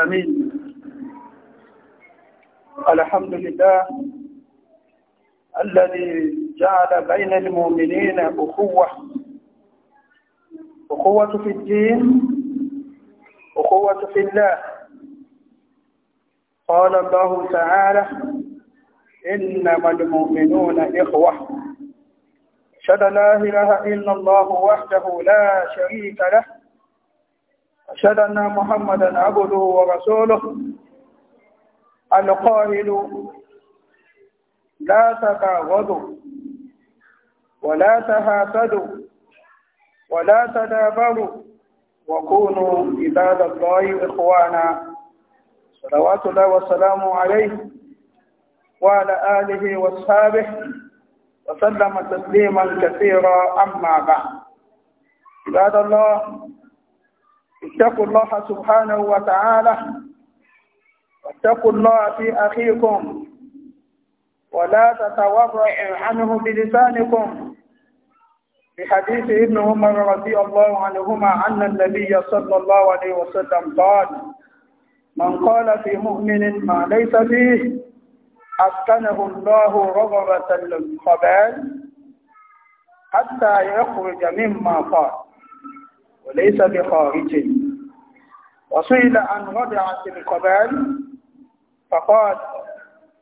السميع الحمد لله الذي جعل بين المؤمنين أخوة أخوة في الدين أخوة في الله قال الله تعالى إنما المؤمنون إخوة أشهد لا إله إلا الله وحده لا شريك له أشهد أن محمدا عبده ورسوله القائل لا تباغضوا ولا تهاسدوا ولا تدابروا وكونوا عباد الله إخوانا صلوات الله والسلام عليه وعلى آله وأصحابه وسلم تسليما كثيرا أما بعد عباد الله اتقوا الله سبحانه وتعالى واتقوا الله في أخيكم ولا تتورعوا عنه بلسانكم بحديث ابن عمر رضي الله عنهما عن النبي صلى الله عليه وسلم قال من قال في مؤمن ما ليس فيه أسكنه الله رغبة الخبال حتى يخرج مما قال وليس بخارج وسئل عن ربعة القبائل فقال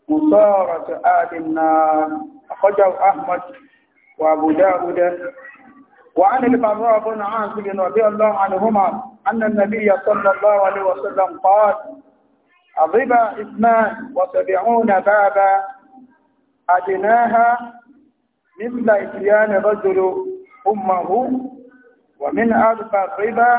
مصارة آل النار أخرجه أحمد وأبو داود وعن البراء بن عازب رضي الله عنهما أن النبي صلى الله عليه وسلم قال الربا اثنان وسبعون بابا أدناها مثل إتيان رجل أمه ومن أربى الربا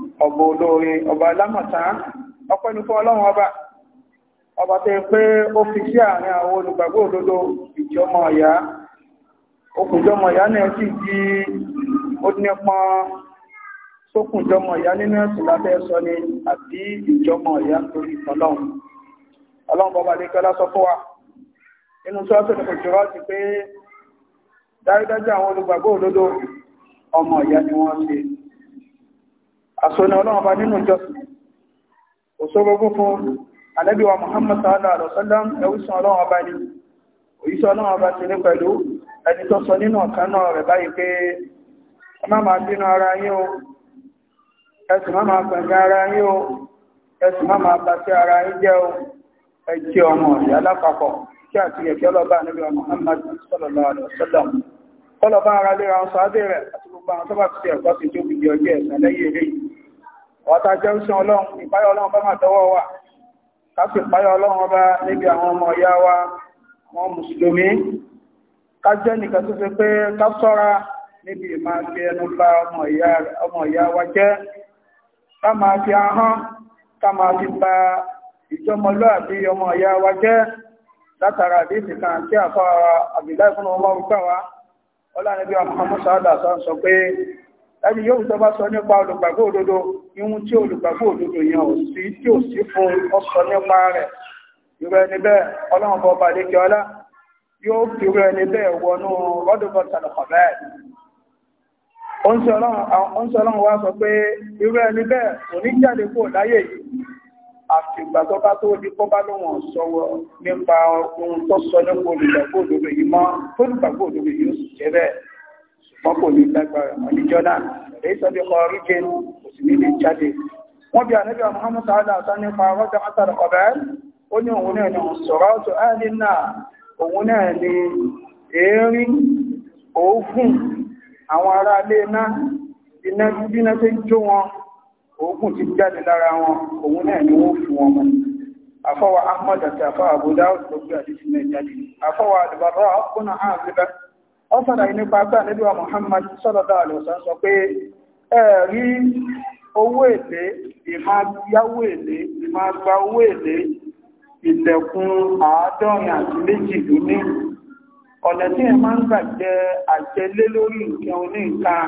ọba olóore ọba alámọ̀tán ọpẹ́ ní fún ọlọ́run ọba ọba tẹ́ pé ó fi sí àárín àwọn olùgbàgbọ́ òdodo ìjọmọ ọ̀yá okùnjọmọ ọ̀yá náà sì di ó nípọn sókùnjọmọ ọ̀yá nínú ẹ̀sùn lábẹ́ sọ ni àbí ìjọmọ ọ̀yá torí ọlọ́run ọlọ́run bọba lè kọ́lá sọ fún wa nínú sọ́ọ̀sì ní kòjòrò ti pé dájúdájú àwọn olùgbàgbọ́ òdodo ọmọ ọ̀yá ni wọ́n ṣe àsọ́nà ọlọ́run bá nínú ìjọsìn òṣòrogún fún alẹ́bíwa Muhammad sallallahu alaihi wasallam ẹwùsàn ọlọ́run bá ní òyíṣẹ́ ọlọ́run bá ti ní pẹ̀lú ẹni tó sọ nínú ọ̀kan náà rẹ̀ báyìí pé ẹ má máa bínú ara yín o ẹsùn má máa pẹ̀gẹ́ ara yín o ẹsùn má máa bá sí ara yín jẹ́ o ẹ jẹ́ ọmọ ìyá lápapọ̀ kí àti ẹ̀kẹ́ ọlọ́ba alẹ́bíwa Muhammad sallallahu ọ̀tá jẹ́ òṣìṣẹ́ ọlọ́run ìpáyọ̀ ọlọ́run bá máa tọwọ́ wà káfí ìpáyọ̀ ọlọ́run ọba níbi àwọn ọmọ ìyá wa àwọn mùsùlùmí ká jẹ́ nìkan tó fi pé ká sọ́ra níbi ìmá fi ẹnu bá ọmọ ìyá wa jẹ́ ká máa fi ahọ́n ká máa fi ba ìjọmọlúàbí ọmọ ìyá wa jẹ́ látara àdéhìsì kan yóò tó sọ nípa olùgbàgbọ́ òdodo ihun tí olùgbàgbọ́ òdodo yẹn ò sí tí ò sí fún ọsọ nípa rẹ̀ irú ẹni bẹ́ẹ̀ ọlọ́run bọ́ balẹ̀ kí ọlá yóò fi irú ẹni bẹ́ẹ̀ wọnú ọdúnbọ̀ tàlùkọ̀ bẹ́ẹ̀ ó ń sọ ọlọ́run wá sọ pé irú ẹni bẹ́ẹ̀ kò ní jáde kó láyé yìí àfìgbà tó bá tó di kọ́ bá lóhun sọ̀rọ̀ nípa ohun tó sọ nípa olùgbàgbọ́ òdodo wọ́n kò ní dágbára wọn ní jọ́dá èyí sọ bí kọrí jẹ́ òsì jáde wọ́n bí Muhammad sáádà sá rọ́jọ́ átàrà ọ̀bẹ́ ó ní òun náà sọ̀rọ̀ ọ̀tọ̀ náà òun náà èérí òógùn àwọn ará iná iná tó jó wọn òógùn ti jáde lára wọn òun náà wọ́n fún wọn Ahmad àti ọ sàlàyé nípa pé àníbíwà Muhammad sọ́lọ́dá àlùsàn sọ pé ẹ̀rí owó èlé ìmá yáwó èlé ìmá gba owó èlé ìtẹ̀kùn àádọ́rin àti méjì ló ní ọ̀nà tí ẹ máa ń gbà jẹ àjẹlé lórí nǹkan oní nǹkan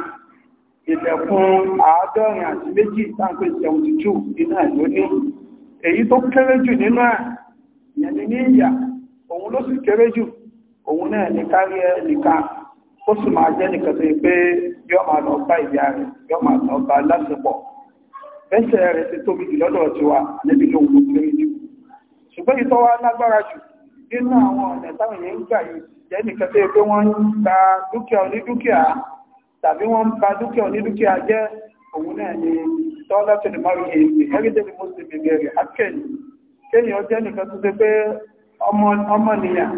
ìtẹ̀kùn àádọ́rin àti méjì sáńpé 72 nínú àìló ní èyí tó kéré jù nínú ẹ̀ ní ìyà òun ló sì kéré jù òun náà ní kárí ẹ nìkan ó sì máa jẹ́ nìkan tó pé yọ́ máa lọ bá ìyá rẹ̀ yọ́ máa lọ bẹ́sẹ̀ rẹ̀ tóbi jù lọ́dọ̀ wa níbi ló wù kéré jù ṣùgbọ́n ìtọ́ wa lágbára jù nínú àwọn ọ̀nà táwọn èèyàn ń gbà yìí jẹ́ nìkan tó pé wọ́n ń dúkìá onídúkìá tàbí wọ́n ń ba dúkìá onídúkìá jẹ́ òun náà ni tọ́lá tó bẹ̀rẹ̀ akẹ́yìn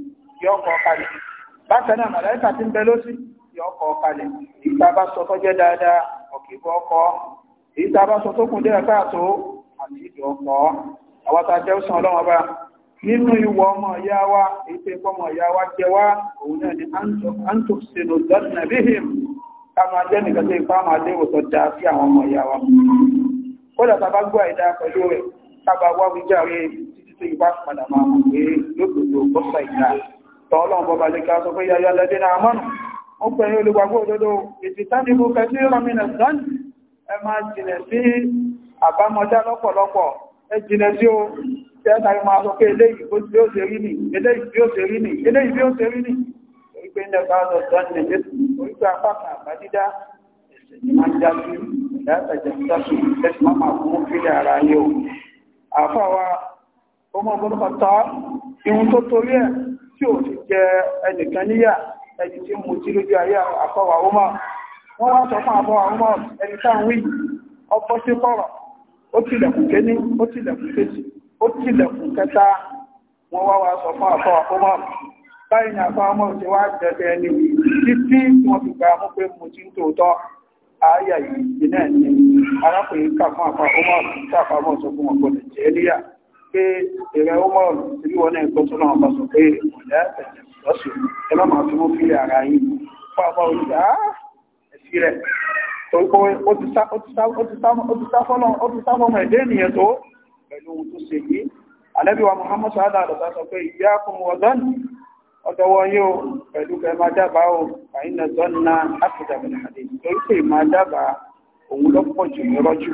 yọ ọkọ̀ kalẹ̀ bákan náà màláìkà ti ń bẹ lóṣì yọ ọkọ̀ kalẹ̀ èyí tá a bá sọ tọ́jẹ́ dáadáa ọ̀kì bọ́ ọkọ̀ èyí tá a bá sọ tó kùn dé ẹ̀ka àtó àti ìdò ọkọ̀ àwọn tá a jẹ́ òsàn bá nínú ìwọ ọmọ ìyá wa èyí ọmọ ìyá wa jẹ wá òun náà ni antosino dọ́tìnà bíhìm káwọn ajẹ́ nìkan tó ipá máa dé ìwòsàn dáa sí àwọn ọmọ ìyá wa kódà tá a bá gbọ́ àìdá pẹ̀lú rẹ̀ ká bá wá wíjà rẹ̀ títí tó ipá padà máa mọ̀ pé lókòtò bọ́sà ìdá tọ́ọ̀lọ́n bọ́bá lè ká sọ pé yáyá lẹ́dẹ́ náà mọ́nà ó pẹ̀lú olùgbàgbọ́ òdodo ìtìtánibú kẹsí rọmìnà dán ẹ máa jìnà sí àbámọ̀dá lọ́pọ̀lọpọ̀ ẹ jìnà sí o tẹ́ẹ̀tàrí máa sọ pé eléyìí bí ó ṣe rí ni eléyìí bí ó ṣe rí ni eléyìí bí ó ṣe rí ni ìgbé ilẹ̀ bá lọ dán ní ẹ̀jẹ̀ orígbà apákan àbádídá ẹ̀sẹ̀ ni máa ń já sí ìdáàtàjà sásù ẹ̀sìn máa máa fún o àfáwa ó mọ̀ bọ́dọ̀ tí ò ti jẹ ẹnìkan níyà ẹni tí mo jí lójú ayé àfọwà ọmọ wọn wá sọ fún ọmọ ẹni táwọn kọrọ ó tilẹ̀kùn kéní ó tilẹ̀kùn ó tilẹ̀kùn kẹta wá sọ fún ọmọ báyìí ni ọmọ ti wá ẹni fi gba mú pé mo jí ń tòótọ́ ààyè arákùnrin ọmọ tí sọ fún wọn kò pé ìrẹ ó mọ̀ sí wọn náà gbọ́ tó náà bá sọ pé ìpínlẹ̀ lọ́sù ẹ má máa tún fi ara yìí fún àbá oríṣi á ẹ̀sí rẹ̀ torí pé ó ti sá fọ́mọ ẹ̀dẹ́ ènìyàn tó pẹ̀lú ohun tó ṣe yìí alẹ́bí wa Muhammad sáádà àdọ̀tà sọ pé ìyá kún ọ̀dọ́n ọ̀dọ̀wọ́ yóò pẹ̀lú pẹ̀ máa dábàá o àyínà zọ́nà áfíríkà bẹ̀rẹ̀ àdé torí pé máa dábàá òun lọ́pọ̀ jù ní rọ́jù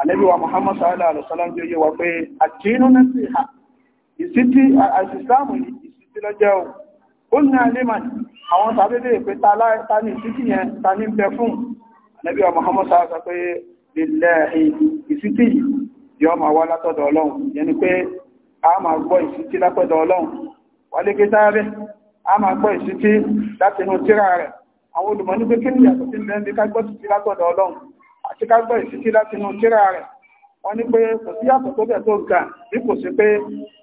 Ànábì wa Muhammad sallallahu alaihi wasallam jẹ́ yẹwà pé àtínú náà sí ha ìsítí àìsìsáàmù ní ìsítí lọ́jẹ́ o ó ní alémàn àwọn tàbílé pé ta ní ìsítí yẹn ta ní bẹ fún Ànábì wa Muhammad sallallahu alaihi wasallam pé lílẹ̀ ìsítí yọ ma wá látọ̀dọ̀ Ọlọ́run yẹn ni pé a máa gbọ́ ìsítí látọ̀dọ̀ Ọlọ́run wálé ni yàtọ̀ sí ń bẹ́ẹ̀ bí ká àti kágbọ́ ìsítí láti inú kíra rẹ̀ wọ́n ní pé kò sí yàtọ̀ tó bẹ̀ tó ga bí kò sí pé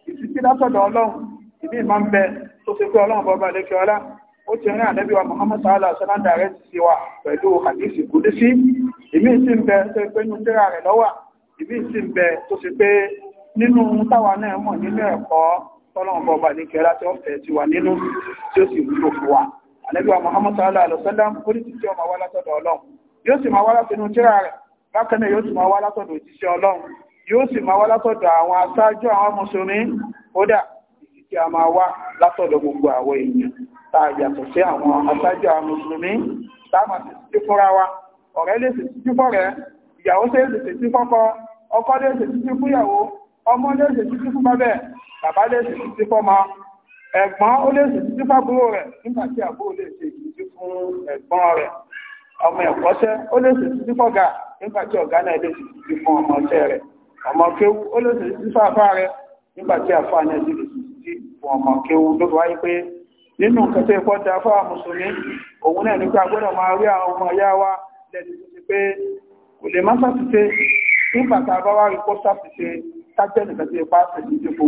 ìsítí látọ̀dọ̀ ọlọ́run ìbí ìmọ̀ ń bẹ tó ṣe pé ọlọ́run bọba lẹ́kẹ́ ọlá ó ti rìn ànẹ́bí wa Muhammad sallallahu alaihi wasallam rẹ̀ ti sí wa pẹ̀lú hadisi kúdísí ìmí sí ń bẹ tó pé inú kíra rẹ̀ lọ́wà ìmí sí ń bẹ tó ṣe pé nínú táwa náà mọ̀ nínú ẹ̀kọ́ tọ́lọ́run bọba lẹ́kẹ́ ọlá tí ó fẹ́ ti wà nínú tí ó sì wúlò fún wa ànẹ́bí wa Muhammad sallallahu alaihi wasallam kúdísí tí ọmọ wa látọ̀dọ̀ ọlọ́run yóò sì máa wá láti inú tíra rẹ̀ bákan náà yóò sì máa wá látọ̀dọ̀ òjíṣẹ́ ọlọ́run yóò sì máa wá látọ̀dọ̀ àwọn aṣáájú àwọn mùsùlùmí kódà ìsìkí a máa wá látọ̀dọ̀ gbogbo àwọn èèyàn tá yàtọ̀ sí àwọn aṣáájú àwọn mùsùlùmí táàmà sì sí fúnra wa ọ̀rẹ́ lè sì sí fọ́rẹ́ ìyàwó sì lè sí fọ́kọ ọkọ lè sì sí fúyàwó ọmọ lè sì sí fún bàbẹ́ bàbá lè sì sí fọ́mọ ẹ̀gbọ́n ó lè sì sí fábúrò rẹ̀ nígbà tí àbúrò lè sì sí fún ẹ̀gbọ́n rẹ̀ ọmọ ẹ̀kọ́ṣẹ́ ó lè sì sí fọ́gà nígbà ọ̀gá náà lè sì fún ọmọ ọ̀ṣẹ́ rẹ̀ ọmọ kéwú ó lè sì sí fáfá rẹ̀ nígbà tí náà lè sì sí fún ọmọ kéwú ló wáyé pé nínú nǹkan ẹ̀kọ́ da fáwọn mùsùlùmí òun náà nípa gbọ́dọ̀ máa rí àwọn ọmọ ìyá wa lẹ́nu tó ti pé kò lè má sàtìṣe nígbà tá a bá wá rí kó sàtìṣe tájẹ́ nìkan tí ipa ṣe ìdìbò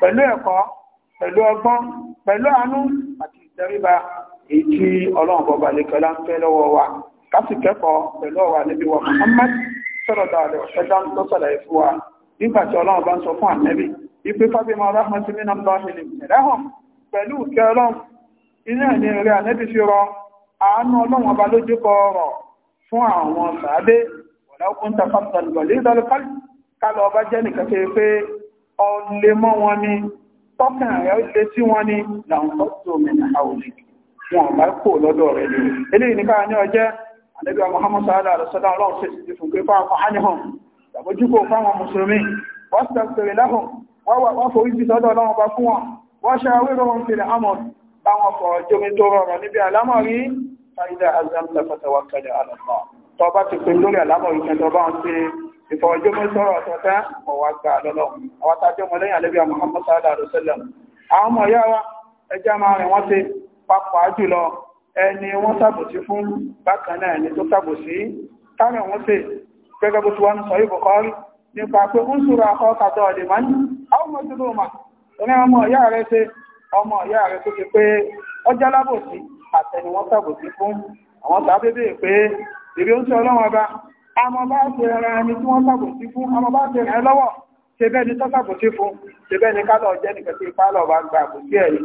pẹ̀lú ẹ̀kọ́ pẹ̀lú ọgbọ́n pẹ̀lú àánú àti ìtẹríba èyí tí ọlọ́run bọba lè kẹlá ń fẹ́ lọ́wọ́ wa kásì kẹ́kọ̀ọ́ pẹ̀lú ọ̀rọ̀ ànábì wa Muhammad sọ̀rọ̀dà rẹ̀ ọ̀sẹ̀dá tó sọ̀rọ̀ ẹ̀fú wa nígbà tí ọlọ́run bá ń sọ fún ànábì ipe fábímọ rahman ti mínà bá ṣe lè mẹ̀rẹ́hàn pẹ̀lú ìkẹ́ ọlọ́run inú ẹ̀ní rẹ̀ ànábì fi rọ àánú ọlọ́run ọba lójú kọ ọrọ̀ fún àwọn sàádé ọ̀làkùn tafàtà lọ́lé ìdọ́lùkálì kálọ̀ ọba jẹ́ nìkan ṣe pé ọ̀lẹ́mọ́ wọn ni tọ́kàn rẹ̀ lé sí wọn ni làwọn tó tó mẹ́ta àwòlẹ́kì wọn bá kò lọ́dọ̀ rẹ̀ ní eléyìí ní káà ọjẹ́ ànábì Muhammad sallallahu alaihi wasallam ọlọ́run sì ti fún pé fáwọn fàánihàn tàbójúkò fáwọn mùsùlùmí wọ́n sì tẹ̀sẹ̀rẹ̀ láhùn wọ́n forí sí sọ́dọ̀ ọlọ́run bá fún wọn wọ́n ṣe awérò wọn fi àmọ̀ báwọn fọ̀ Allah tó bá ti pè lórí àlámọ̀rí kan tó bá ń ṣe ìfọ̀jómi sọ̀rọ̀ ọ̀tọ̀tá mọ̀ wá Muhammad sallallahu alaihi wasallam àwọn ọmọ yára ẹjá pàápàá jùlọ ẹni wọ́n sàbòsí fún bákan náà ẹni tó sàbòsí táwọn wọ́n sì gẹ́gẹ́ bó ti wá ń sọ ìbùkọ́rí nípa pé ń súra ọkọ̀ kàtọ̀ ọ̀dẹ̀ máa ń àwọn ọmọ ìdúró mà ní ọmọ ìyá rẹ̀ ṣe ọmọ ìyá rẹ̀ tó ti pé ọjọ́ lábòsí àtẹni wọ́n bẹ́ẹ̀ ni tó sàbòsí fún ṣe bẹ́ẹ̀ ni kálọ̀ jẹ́ nìkan tí ipá bá gba àbòsí ẹ̀yìn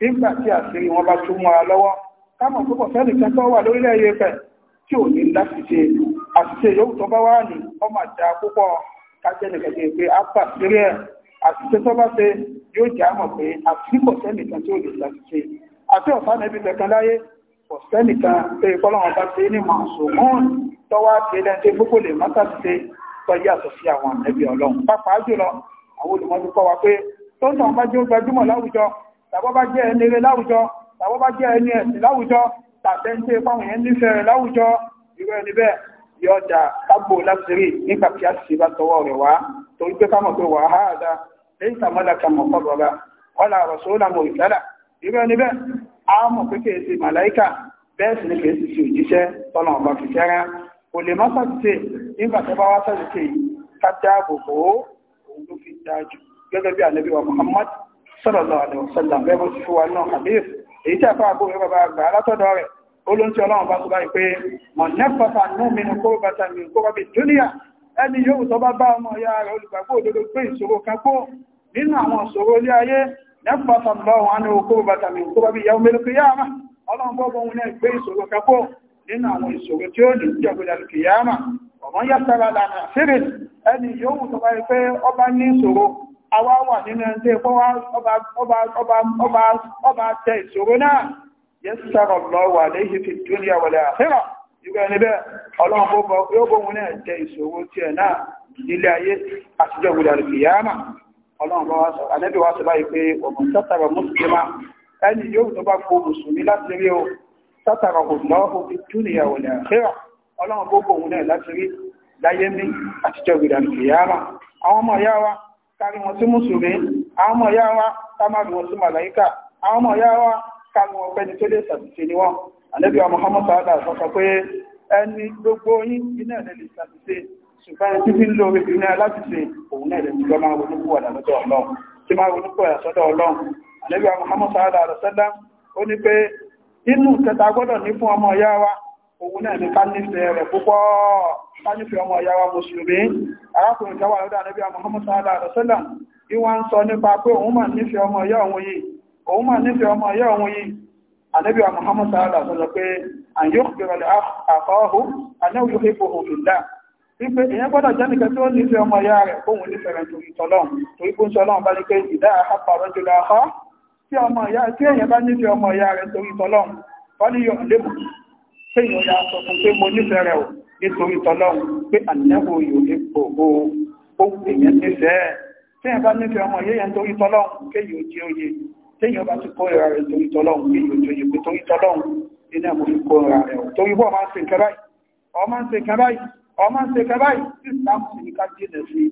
nígbà tí àṣírí wọn bá tún mọ́ra lọ́wọ́ kámọ̀ púpọ̀ fẹ́ni kẹtọ́ wà lórílẹ̀ ayé pẹ̀ tí ò ní láṣìṣe àṣìṣe yóò tó bá wà ní ọmọ àjà púpọ̀ kájẹ́ nìkẹ́jẹ́ pé a bà sírí ẹ̀ àṣìṣe tó bá ṣe yóò jẹ́ àmọ̀ pé àṣìṣe kò sẹ́nì kan tí ò lè láṣìṣe àti ọ̀fà nẹ́bí kankan láyé kò sẹ́nì kan pé ìfọlọ́wọn bá ṣe ní màṣùmọ́ọ̀n tọ́wọ́ àti ilẹ̀ tí gbogbo lè má ṣàṣìṣe tó yàtọ̀ sí àwọn ànẹ́bí ọlọ́run pápá jùlọ àwọn olùmọ́jú kọ́ wa pé tó ń tàn bá jẹ́ ó gbajúmọ̀ láwùjọ tàbọ́ bá jẹ́ ẹni rẹ̀ láwùjọ tàbọ́ bá jẹ́ ẹni ẹ̀sìn láwùjọ tàbẹ́ńtẹ́ fáwọn èèyàn nífẹ̀ẹ́ rẹ̀ láwùjọ irú ẹni bẹ́ẹ̀ yọ ọjà kágbó lásìrí nípa kí a sì bá tọwọ́ rẹ̀ wá torí pé kámọ̀ pé wà á dá lẹ́yìn tàmọ́lá kamọ̀ kọ́ lọ́la ọ̀là àrọ̀sọ́ làmọ̀ ìtàlà ẹni bẹ́ẹ̀ á mọ̀ pé kìí ṣe màláìkà bẹ́ẹ̀ sì ni kìí ṣe ṣe òjíṣẹ́ tọ́nà ọba fi kẹ́rẹ́ kò lè má sàtìtì nígbà tó bá wá sàtìtì ká dáàbò bò ó òun ló fi dáa jù gẹ́gẹ́ bí ànábì wa Muhammad sallallahu alaihi wasallam bẹ́ẹ̀ bó ti fi wà náà kàbíyè èyí tí àfáà bó bàbá àgbà alátọ́dọ̀ rẹ̀ olóńtí ọlọ́run bá tó bá pé mọ̀ nẹ́fàfà náà mínú kó bàtà mi kó bá bí dúníà ẹni yóò tó bá bá ọmọ ya rẹ̀ olùgbàgbọ́ òdodo pé ìṣòro kan kó nínú àwọn ìṣòro ilé ayé nẹ́fàfà lọ́wọ́n ánú kó bàtà mi kó bá bí yàwó mélòó kìyàmà ọlọ́run bọ́ bọ́ wọn pé ìṣòro kan kó nínú ìṣòro àwa wà nínú ẹgbẹ́ ọba tẹ ìṣòro náà yẹ́sàrọ̀ lọ́wà léyìí fi dúnìyà wọlé àfẹ́rà ìgbẹ́ níbẹ̀ ọlọ́run yóò bóhun náà tẹ ìṣòro tí ẹ̀ náà nílé ayé àtijọ́ ìwòdà ìyáàmà ọlọ́run bá wá sọ ànẹ́bí wá sọ báyìí pé ọmọ sátàrà mùsùlùmá ẹni yóò tó bá fo mùsùlùmí láti rí o sátàrà ọlọ́run fi dúnìyà wọlé àfẹ́rà ọlọ́run bó bóhun náà láti rí láyé mi àtijọ́ ìwòdà ìyáàmà àwọn ọmọ ìyá wa kárí wọn sí mùsùlùmí àwọn ọmọ ìyá wa ká má rí wọn sí màláíkà àwọn ọmọ ìyá wa wọn tó lè ṣàtìṣe ni wọn muhammadu sọ gbogbo yín iná ẹ̀ lè ṣàtìṣe ṣùgbọ́n ẹni tí ń lo orí iná láti ṣe òun náà lè jùlọ máa ronú kúwà Ọlọ́run tí máa ronú kúwà Ọlọ́run ó ní pé inú kẹta gbọ́dọ̀ ní fún ọmọ kánífẹ́ ọmọ ìyáwá mùsùlùmí arákùnrin tẹ́wà lọ́dà níbi Muhammad sallallahu alaihi wasallam ìwọ́n ń sọ nípa pé òun mà nífẹ́ ọmọ ìyá òun yìí òun mà nífẹ́ ọmọ ìyá òun yìí ànábì Muhammad sallallahu alaihi wasallam pé àyíkò kìrọ̀lẹ̀ àkọ́ọ̀hù anáwó yóò fi fòhùn fìlà wípé èyàn gbọ́dọ̀ jẹ́ nìkan tó nífẹ́ ọmọ ìyá rẹ̀ fóhun nífẹ́ rẹ̀ torí tọ́lọ́n torí kó ń sọ lọ́n bá ní pé ìdá àhápa rọ́jò láhọ́ tí ọmọ ìyá tí èyàn bá nífẹ́ ọmọ ìyá rẹ̀ torí tọ́lọ́n wọ́n ní yọ̀ lébù pé ìyọ̀ ya sọ fún pé mo nífẹ́ rẹ̀ o nítorí tọ́lọ́run pé ànẹ́wò yóò lè gbogbo ohun èèyàn nífẹ̀ẹ́ tí ẹ bá nífẹ̀ẹ́ ọmọ yẹ́yẹn torí tọ́lọ́run pé yóò jẹ́ oyè téèyàn bá ti kó ìra rẹ̀ torí tọ́lọ́run pé yóò jẹ́ oyè pé torí tọ́lọ́run nínú ẹ̀mọ́ fi kó ìra rẹ̀ torí bọ́ máa ń ṣe nǹkan ọmọ ń ṣe nǹkan ọmọ ń ṣe nǹkan tí ìsìlámù ní ká jìnà sí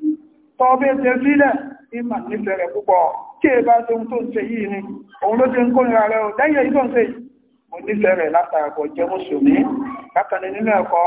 tọ́ bí ṣe sílẹ̀ ní mà nífẹ̀ẹ́ rẹ̀ púpọ̀ tí ẹ bá ṣe ohun tó ń ṣe yìí ni òun ló ṣe ń kó ìra rẹ̀ ò lẹ́yìn èyí tó ń ṣe mo nífẹ̀ẹ́ rẹ̀ látàkọ̀ jẹ́ mùsùlùmí látàní nínú ẹ̀kọ́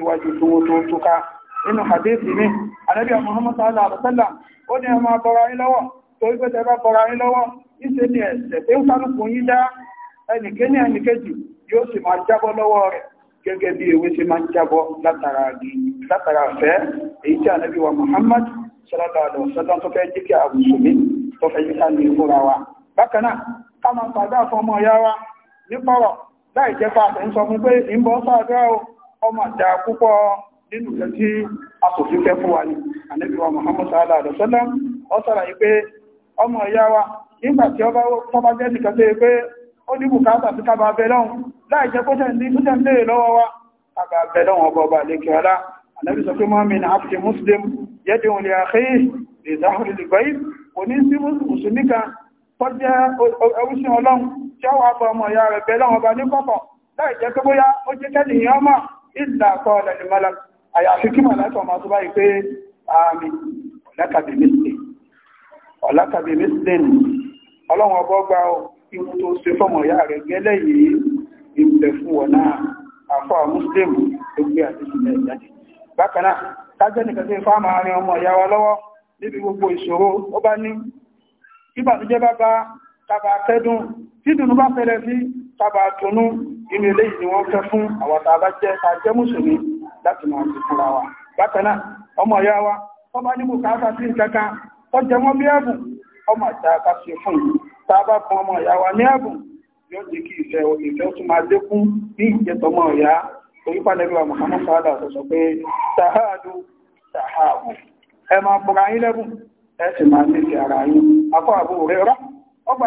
síwájú tó tó tó ká nínú hadithi ní anábíà muhammad sallallahu alaihi wasallam ó ní ọmọ bọ́ra yín lọ́wọ́ torí pé tẹ́ bá bọ́ra yín lọ́wọ́ ìṣe ni ẹ̀sẹ̀ pé ń kálùkù yín dá ẹnìkéní ẹnìkejì yóò sì máa jábọ́ lọ́wọ́ rẹ̀ gẹ́gẹ́ bí ewé ṣe máa jábọ́ látara fẹ́ èyí tí anábí wa muhammad sallallahu alaihi wasallam tó fẹ́ jíkẹ́ àwùsùnmí tó fẹ́ jíkà ní ìfúra wa bákan náà ká máa pàdé àfọmọ ìyá wa nípọ̀rọ̀ láì jẹ́ pa àfẹ́ ń sọ fún pé ọmọ àdá púpọ̀ nínú ìjọ tí a kò fi fẹ́ fún wa ní ànẹ́bíwa Muhammad sallallahu alaihi wasallam ọ sọ́ra yìí pé ọmọ ìyá wa nígbà tí ọba tọ́ba jẹ́ nìkan tó yẹ pé ó ní bùkátà sí kábà abẹ lọ́hùn láì jẹ́ kó tẹ̀lé tó tẹ̀lé lọ́wọ́ wa kábà abẹ lọ́hùn ọba ọba àlekè ọlá ànẹ́bí sọ pé mọ́ mi ní àfìsí muslim yẹ́dì òun lè àkè lè záhùrì lè gbáyé kò ní sí mùsùlùmí kan tó jẹ́ ẹwúsìn ọlọ́run tí ó wà bọ ọmọ ìyá rẹ̀ bẹ lọ́hùn ọba ní kọ́kọ̀ láì jẹ́ pé bóyá ó jẹ́ kẹ́lì yẹn ọmọ ìlà àpọ̀ ọ̀lẹ́ni mọ́lá àyàfi kí màláìkà máa tó báyìí pé àmì ọ̀lákàbí mẹ́sìlẹ̀ ọ̀lákàbí mẹ́sìlẹ̀ ni ọlọ́run ọbọ̀ gba ihun tó ṣe fọ́mọ ìyá rẹ̀ gẹ́lẹ́ yìí ìbẹ̀ fún wọn náà àfọ́ àmúsílẹ̀mù tó gbé àdéṣìlẹ̀ ìjáde bákan náà tájẹ́ nìkan tí fáàmà àárín ọmọ ìyá wa lọ́wọ́ níbi gbogbo ìṣòro ó bá ní ìbànújẹ́ bá bá tàbà kẹ́dùn tí dùnú bá fẹ́lẹ̀ sí tàbà tùnú inú ilé ni wọ́n fẹ́ fún àwọn tàbá jẹ́ ta jẹ́ mùsùlùmí láti máa ti fúnra wa bákan ọmọ ìyá wa tó bá ní bùkátà sí nǹkankan tó jẹ wọ́n bí ẹ̀bùn ọmọ ìta sí fún ọmọ ìyá wa ní ẹ̀bùn yóò jẹ́ kí ìfẹ́ ìfẹ́ tún máa lékún ní Muhammad sọ pé ẹ máa yín lẹ́bùn ẹ sì máa ní ti ara yín akọ àbúrò rẹ rọ ọgbà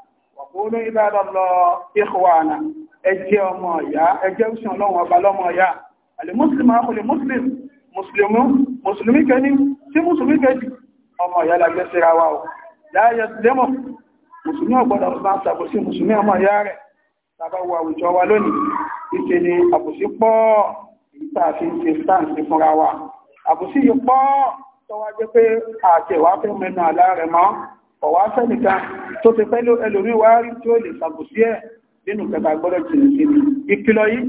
ọ̀pọ̀lọ́ ìbára lọ ìhùwànà ẹjẹ́ ọmọ ọ̀yá ẹjẹ́ òṣìṣẹ́ ọlọ́run ọba lọ́mọ ọ̀yá alìmúsùlùmí akọlẹ̀ mùsùlùmí mùsùlùmí kẹni tí mùsùlùmí kẹjì ọmọ ọ̀yá lágbẹ́ síra wa ọ̀ láyé lẹ́mọ̀ mùsùlùmí ọ̀gbọ́dọ̀ bá ṣàbòsí mùsùlùmí ọmọ ọ̀yá rẹ̀ tàbá wo àwùjọ wa lónìí ìṣe ni àbòsí pọ̀ ìta àti ìṣe sáǹsì fúnra wa àbòsí yìí pọ̀ tọ́wọ́ jẹ́ ọ̀wá sẹ́nìkan tó ti pẹ́ ẹlòmí wá rí tí ó lè sàbòsí ẹ̀ nínú kẹta gbọ́dọ̀ jìnà sí ni ìkìlọ̀ yìí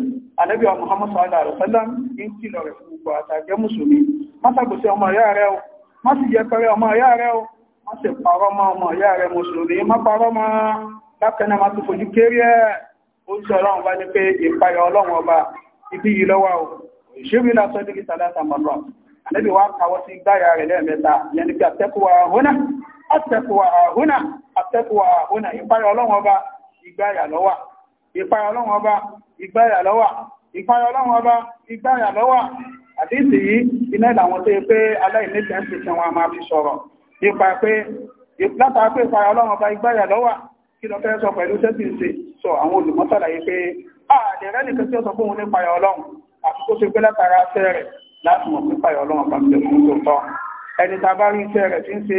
alẹ́bí ọmọ Muhammad sallallahu alaihi wasallam ń kìlọ̀ rẹ̀ fún gbogbo àtàjẹ́ mùsùlùmí má sàbòsí ọmọ ìyá rẹ̀ o má sì yẹpẹrẹ ọmọ ìyá rẹ̀ o má sì parọ́ mọ́ ọmọ ìyá rẹ̀ mùsùlùmí má parọ́ mọ́ lákẹ́nà má tún fojú àtẹ̀kùwà àhúnà àtẹ̀kùwà àhúnà ìpáyà ọlọ́wọ́n ọba ìgbáyà lọ́wà ìpáyà ọlọ́wọ́n ọba ìgbáyà lọ́wà ìpáyà ọlọ́wọ́n ọba ìgbáyà lọ́wà àdíìsì yìí iná ìlàwọn tó pé aláìníkẹ́ ń pèsè wọn a máa fi sọ̀rọ̀ nípa pé látara pé ìpáyà ọlọ́wọ́n ọba ìgbáyà lọ́wà kí lọ fẹ́ sọ pẹ̀lú sẹ́sì ṣe sọ àwọn olùmọ́sàlà yìí pé àdẹ̀rẹ́ nìkan tí ó sọ fún òun nípa ọlọ́run àti kó ṣe pé látara iṣẹ́ rẹ̀ láti mọ̀ nípa ọlọ́run ọba ń bẹ̀ fún tòótọ́ ẹni tá a bá rí iṣẹ́ rẹ̀ tí ń ṣe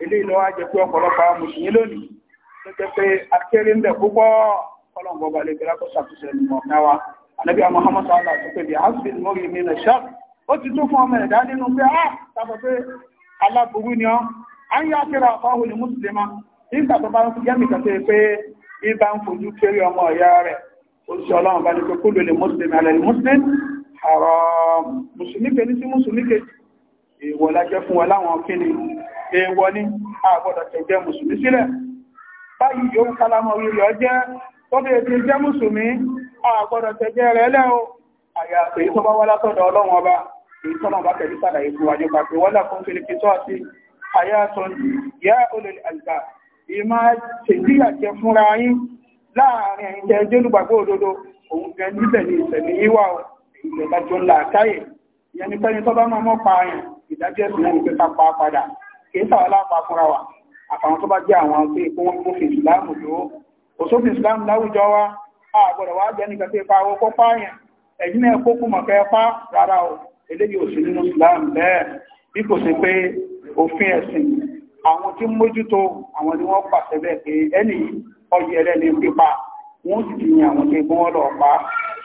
ilé ìlú wá jẹ pé ọ̀pọ̀lọpọ̀ àwọn mùsùlùmí lónìí tó jẹ pé akéré ń bẹ púpọ̀ ọlọ́run ọba lè gbé lápò ṣàtúnṣe ẹnu mọ̀ náwa ànábì àwọn ọmọ ah! sọ́ọ́lá ni ọ́ a ń yá kíra ọ̀hún ní mùsùlùmá nígbà tó bá ń jẹ́ nìkan tó yẹ pé ibà ń fojú kéré ọmọ ọ̀yá rẹ̀ oṣù ọlọ́run bá ní pé kúlò lè mùsùlùmí alẹ́ mùsùlùmí ìwọ̀lájẹ́ fún wa láwọn kíni èèwọ̀ ní àgbọ̀dọ̀ tẹ̀jẹ́ mùsùlùmí sílẹ̀ báyìí yóò kálámọ̀ orí ọjẹ́ tó bèèrè tí jẹ́ mùsùlùmí àgbọ̀dọ̀ tẹ̀jẹ́ rẹ̀ lẹ́ o àyàfẹ́ tó bá wá látọ̀dọ̀ ọlọ́run ọba èyí tọ́nà bá tẹ̀lé sàlàyé fún wa nípa pé wọ́n lákún fi fi tọ́ sí àyàtọ̀ yá olè àgbà ni ìṣẹ̀lẹ̀ yíwà o ìjọba jọ làákáyè ìyẹn ni pẹ́ni tó bá mọ́ mọ́ pa àyàn ìdájọ́ ìsìn náà pa padà kìí sàwọn láàpá fúnra wa àfàwọn tó bá jẹ́ àwọn tó ikú wọn kó fi ìsìláàmù lówó òṣòfin ìsìláàmù láwùjọ wa àgbọ̀dọ̀ wá jẹ́ nìkan tó ipa owó pa rárá o eléyìí òsì nínú ìsìláàmù bẹ́ẹ̀ bí kò sí pé òfin ẹ̀sìn àwọn tí mójútó àwọn ni wọ́n pàṣẹ bẹ́ẹ̀ pé ẹnì ọyẹ rẹ̀ ní pípa wọ́n sì ti yin àwọn tó ikú wọn lọ pa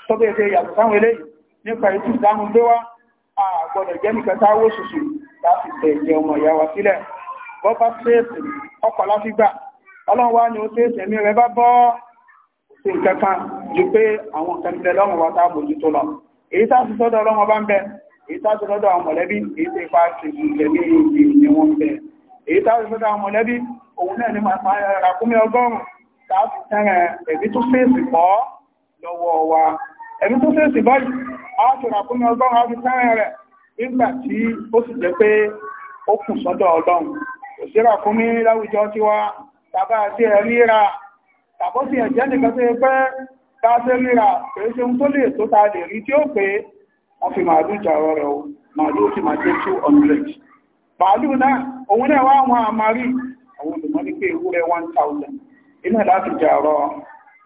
tọ́bẹ̀ẹ́ yàtọ̀ sáwọn eléyìí nípa ètò ìsìláàmù gbé wá àgbọ̀dọ̀ jẹ́ nìkan táwọ́ sùsù láti tẹ ẹ̀jẹ̀ ọmọ ìyá wa sílẹ̀ bọ́ bá fèsì ọkọ̀ láti gbà ọlọ́run wá ní ó fèsì ẹ̀mí rẹ bá bọ́ sí nǹkan kan pé àwọn nǹkan tẹ lọ́rùn wa tá bójútó lọ èyí tá sì sọ́dọ̀ ọlọ́run bá ń bẹ èyí tá sì sọ́dọ̀ àwọn mọ̀lẹ́bí èyí tẹ ipa ti ìjẹ̀mí ìrìn wọn bẹ èyí tá sì sọ́dọ̀ àwọn mọ̀lẹ́bí òun náà ni màá ràkúnmí ọgọ́rùn-ún tá sì tẹ́rẹ̀ ẹ̀mí tó fèsì pọ̀ lọ́wọ́ nígbà tí ó sì jẹ́ pé ó sọ́dọ̀ ọlọ́run fún láwùjọ tí wá tàbá àti ẹ̀ríra tàbó ẹ̀jẹ́ nìkan tó yẹ pé ríra pé ṣe tó fi màálù jà ọ̀rọ̀ rẹ̀ o màálù máa jẹ́ 200 màálù náà òun náà wá àwọn àmàrí àwọn 1000 iná láti jà ọ̀rọ̀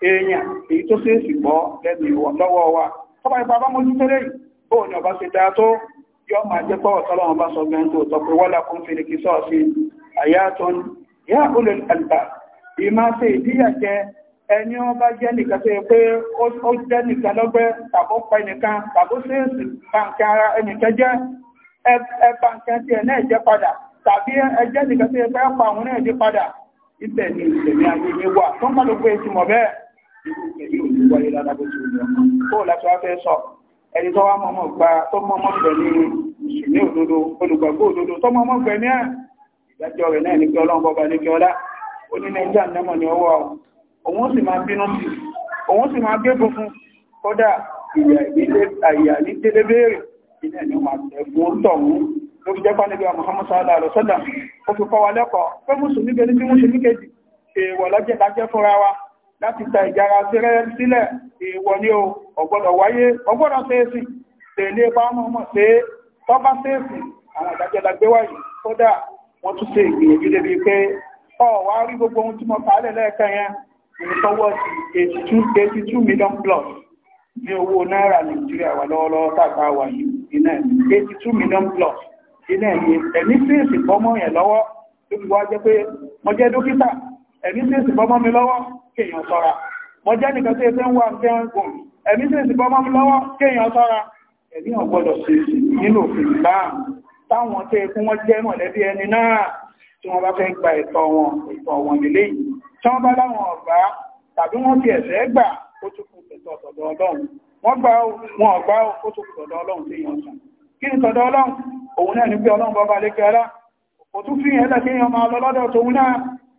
èèyàn èyí tó sì gbọ́ lẹ́nu lọ́wọ́ wa tọ́ba bá ni yọ máa jẹ́ pọ́wọ̀ tọ́lọ́wọ́n bá sọ gẹ́rin tó tọ́ pé wọ́lá kún fi kí sọ́ sí àyàtún yá olè àlbà ìmá ṣe ìdíyà jẹ ẹni wọ́n bá jẹ́ nìkan tó yẹ pé ó jẹ́ nìkan lọ́gbẹ́ tàbó pa ẹnìkan tàbó sí bàǹkì ara ẹnìkan jẹ́ ẹ bàǹkì tí ẹ náà jẹ́ padà tàbí ẹjẹ́ nìkan tó yẹ ẹni tó wá mọ́mọ́ gba tó mọ́mọ́ pẹ̀ ní ìṣùní òdodo olùgbàgbọ́ òdodo tó mọ́mọ́ pẹ̀ ní ìdájọ́ rẹ̀ náà ní kí ọlọ́run bọ́ba ní kí ọlá ó ní nàìjíríà nẹ́mọ̀ ní ọwọ́ òun sì máa bínú sí òun sì máa gbé funfun kódà ìyà ní télébéèrè ilẹ̀ ni Muhammad sallallahu alaihi wasallam ó fi kọ́ wa lẹ́kọ̀ọ́ pé mùsùlùmí kejì mùsùlùmí kejì èèwọ̀ lọ́jẹ́ lájẹ́ láti ta ìjára sílẹ̀ èèwọ̀ ní o ọ̀gbọ́dọ̀ wáyé ọgbọ́dọ̀ sẹ́ẹ̀sì tẹ̀lé bá mọ́mọ́ pé tọ́bá sẹ́ẹ̀sì àwọn ìdájọ́ lágbéwáyìí kódà wọ́n tún ṣe ìgbìyànjú débi pé ọ wá rí gbogbo ohun tí mo fàálẹ̀ lẹ́ẹ̀kan yẹn ìrìntọ́wọ́ sí 82 million plus ní owó náírà nàìjíríà wà lọ́wọ́lọ́wọ́ tàbí àwà yìí iná 82 million plus iná ẹ̀mí sí ìsìnkọ́mọ́ yẹn lọ́wọ́ tó fi wá jẹ́ pé mo jẹ́ dókítà ẹ̀mí sí ìsìnbọmọ́ mi lọ́wọ́ kéèyàn sọ́ra mọ́ jẹ́ nìkan tí ẹgbẹ́ ń wà gẹ́gùn ẹ̀mí sí ìsìnbọmọ́ mi lọ́wọ́ kéèyàn sọ́ra ẹ̀mí ọ̀gbọ́dọ̀ sí nínú òfin láàmù táwọn tí ẹkún wọ́n jẹ́ mọ̀lẹ́bí ẹni náà tí wọ́n bá fẹ́ gba ẹ̀tọ́ wọn ẹ̀tọ́ wọn nílé yìí tí wọ́n bá láwọn ọ̀gbá tàbí wọ́n ti ẹ̀sẹ̀ gbà ó tún kú pẹ̀tọ̀ ọ̀dọ̀ ọlọ́run wọ́n gbá wọn ọ̀gbá ó tún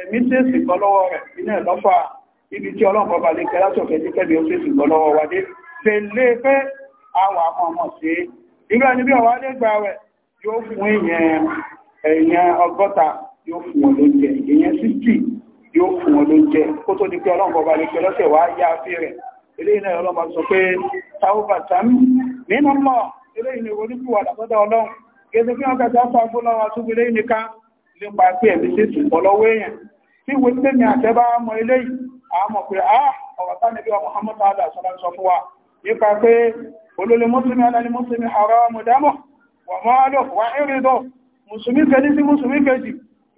ẹ̀mí tí èsì gbọ́ lọ́wọ́ rẹ̀ iná ẹ̀lọ́fà ibi tí ọlọ́pàá bá lè kẹ́lá sọ̀kẹ́ tí kẹ́bí ó sì sì gbọ́ lọ́wọ́ wa dé fèlé pé àwọ̀ àwọn ọmọ sí irú ẹni bí ọwọ́ adé gba rẹ̀ yóò fún èèyàn èèyàn ọgọ́ta yóò fún wọn ló jẹ èèyàn sísì yóò fún wọn ló jẹ kó tó di pé ọlọ́pàá bá lè kẹ́lá wá yá fi rẹ̀ eléyìí náà ọlọ́pàá sọ pé táwọ́bà tàmí ni onípùwà nípa pé ẹ̀mí sí ìsìnkọ́ lọ́wọ́ èèyàn tí wo tí mi àtẹ́ bá mọ ilé yìí a mọ̀ pé a ah, ọ̀rọ̀ tá níbi ọmọ Muhammad adà sọ́lá sọ fún wa nípa pé olólè mùsùlùmí alálẹ́ mùsùlùmí haramu dámọ̀ wà mọ́ àlọ́ wà ìrìdọ̀ mùsùlùmí kejì sí mùsùlùmí kejì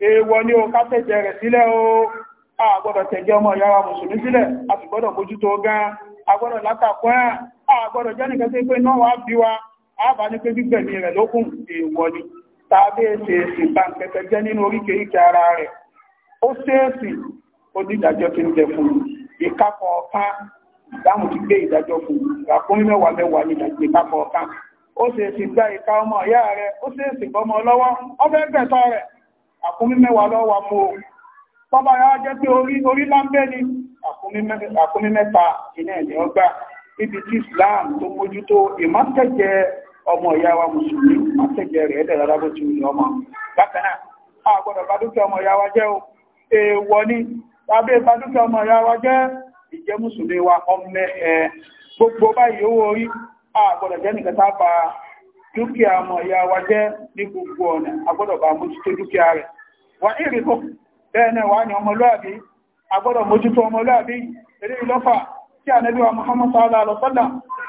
èèwọ̀ ni o ká tẹ̀jẹ̀ rẹ̀ sílẹ̀ o a gbọ́dọ̀ tẹ̀jẹ̀ ọmọ ìyá wa mùsùlùmí sílẹ̀ a sì gbọ́dọ̀ bójútó gan a gbọ́dọ̀ látàkọ́ ẹ̀ a gbọ́dọ̀ jẹ́ nìkan sí pé náà wá bí wa a bá ní pé gbígbẹ̀mí rẹ̀ lókùn èèwọ̀ ni tàbí èsèèsì esi jẹ́ nínú oríkèríkè ara rẹ̀ ó ṣeéṣì ó ní ìdájọ́ tí ń jẹ fún ìkápọ̀ ọ̀kan ti gbé ìdájọ́ fún ìràkúnrí mẹ́wàá mẹ́wàá ní ìkápọ̀ ọ̀kan ó ṣeéṣì gbá ìka ọmọ ìyá rẹ̀ ó ṣeéṣì bọ́mọ lọ́wọ́ ó gbẹ̀tọ́ rẹ̀ mẹ́wàá lọ́wọ́ mú o tọ́ba yà jẹ́ pé orí ni mẹ́ta ọmọ ìyá wa mùsùlùmí àtẹ̀jẹ́ rẹ̀ ẹ̀dẹ̀ rárá bó ti wù ní ọmọ bákan náà a gbọ́dọ̀ bà dúkìá ọmọ ìyá wa jẹ́ o èèwọ̀ ni tàbí bà dúkìá ọmọ ìyá wa jẹ́ ìjẹ́ mùsùlùmí wa ọmọ ẹ̀ gbogbo báyìí owó orí a gbọ́dọ̀ jẹ́ nìkan tá bà dúkìá ọmọ ìyá wa jẹ́ ní gbogbo ọ̀nà a gbọ́dọ̀ bá mójútó dúkìá rẹ̀ wà ní ìrìkò bẹ́ẹ̀ náà wà ní ọmọlúàbí a gbọ́dọ̀ mójútó ọmọlúàbí eré ìlọ́fà tí ànẹ́bí wa Muhammad sallallahu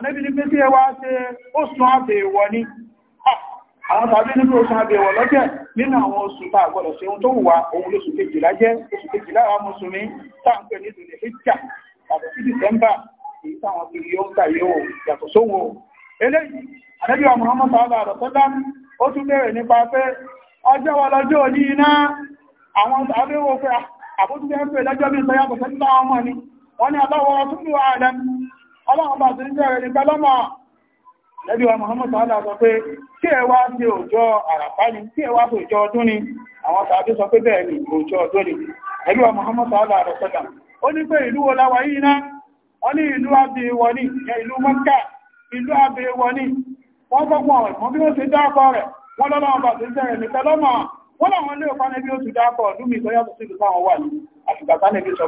Ànábì ní pé tí ẹ wá ṣe oṣù àbẹ̀wọ̀ ni àwọn tàbí nínú oṣù àbẹ̀wọ̀ lọ́jẹ́ nínú àwọn oṣù tá àgbọ̀dọ̀ sí ohun tó wù ohun lóṣù kejìlá jẹ́ oṣù kejìlá àwọn mùsùlùmí táǹpẹ̀ ní ìdùnnú ìjà tàbí sí dìsẹ́mbà èyí ń tà wa Muhammad sallallahu alaihi wasallam ó tún bẹ̀rẹ̀ nípa pé ọjọ́ wa lọ́jọ́ òní iná àwọn tàbí wo pé ah, àbójútó ẹ̀ pé lọ́jọ́ bí sọ yàtọ̀ sẹ́ńtà ọmọ ni wọ́n ní àbáwọ̀ ọtún ní wàhálà ọlọ́run bá ti ń bẹ̀rẹ̀ ní gbẹ́lọ́mọ̀ Muhammad sọ́lá sọ pé kí ẹ wá sí ọjọ́ àràpá ni kí ẹ wá sí ọjọ́ ọdún ni àwọn tàbí sọ pé bẹ́ẹ̀ ni ọjọ́ ọdún ni lẹ́bí wa Muhammad sọ́lá àrọ̀sọ́lá ó ní pé ìlú wo láwa yìí ná wọ́n ní ìlú abì wọ̀ní ìlú mọ́kà ìlú abì wọ̀ní wọ́n gbọ́gbọ́n rẹ̀ wọ́n bí ó ti dáàbọ̀ rẹ̀ wọ́n lọ́lọ́run bá ti ń bẹ̀rẹ̀ ní gbẹ́lọ́mọ̀ wọ́n làwọn ilé ìpanẹ́bí ó ti dáàbọ̀ ọdún mi tó yàtọ̀ sí ìlú táwọn wà ní àtìgbàtánẹ́bí sọ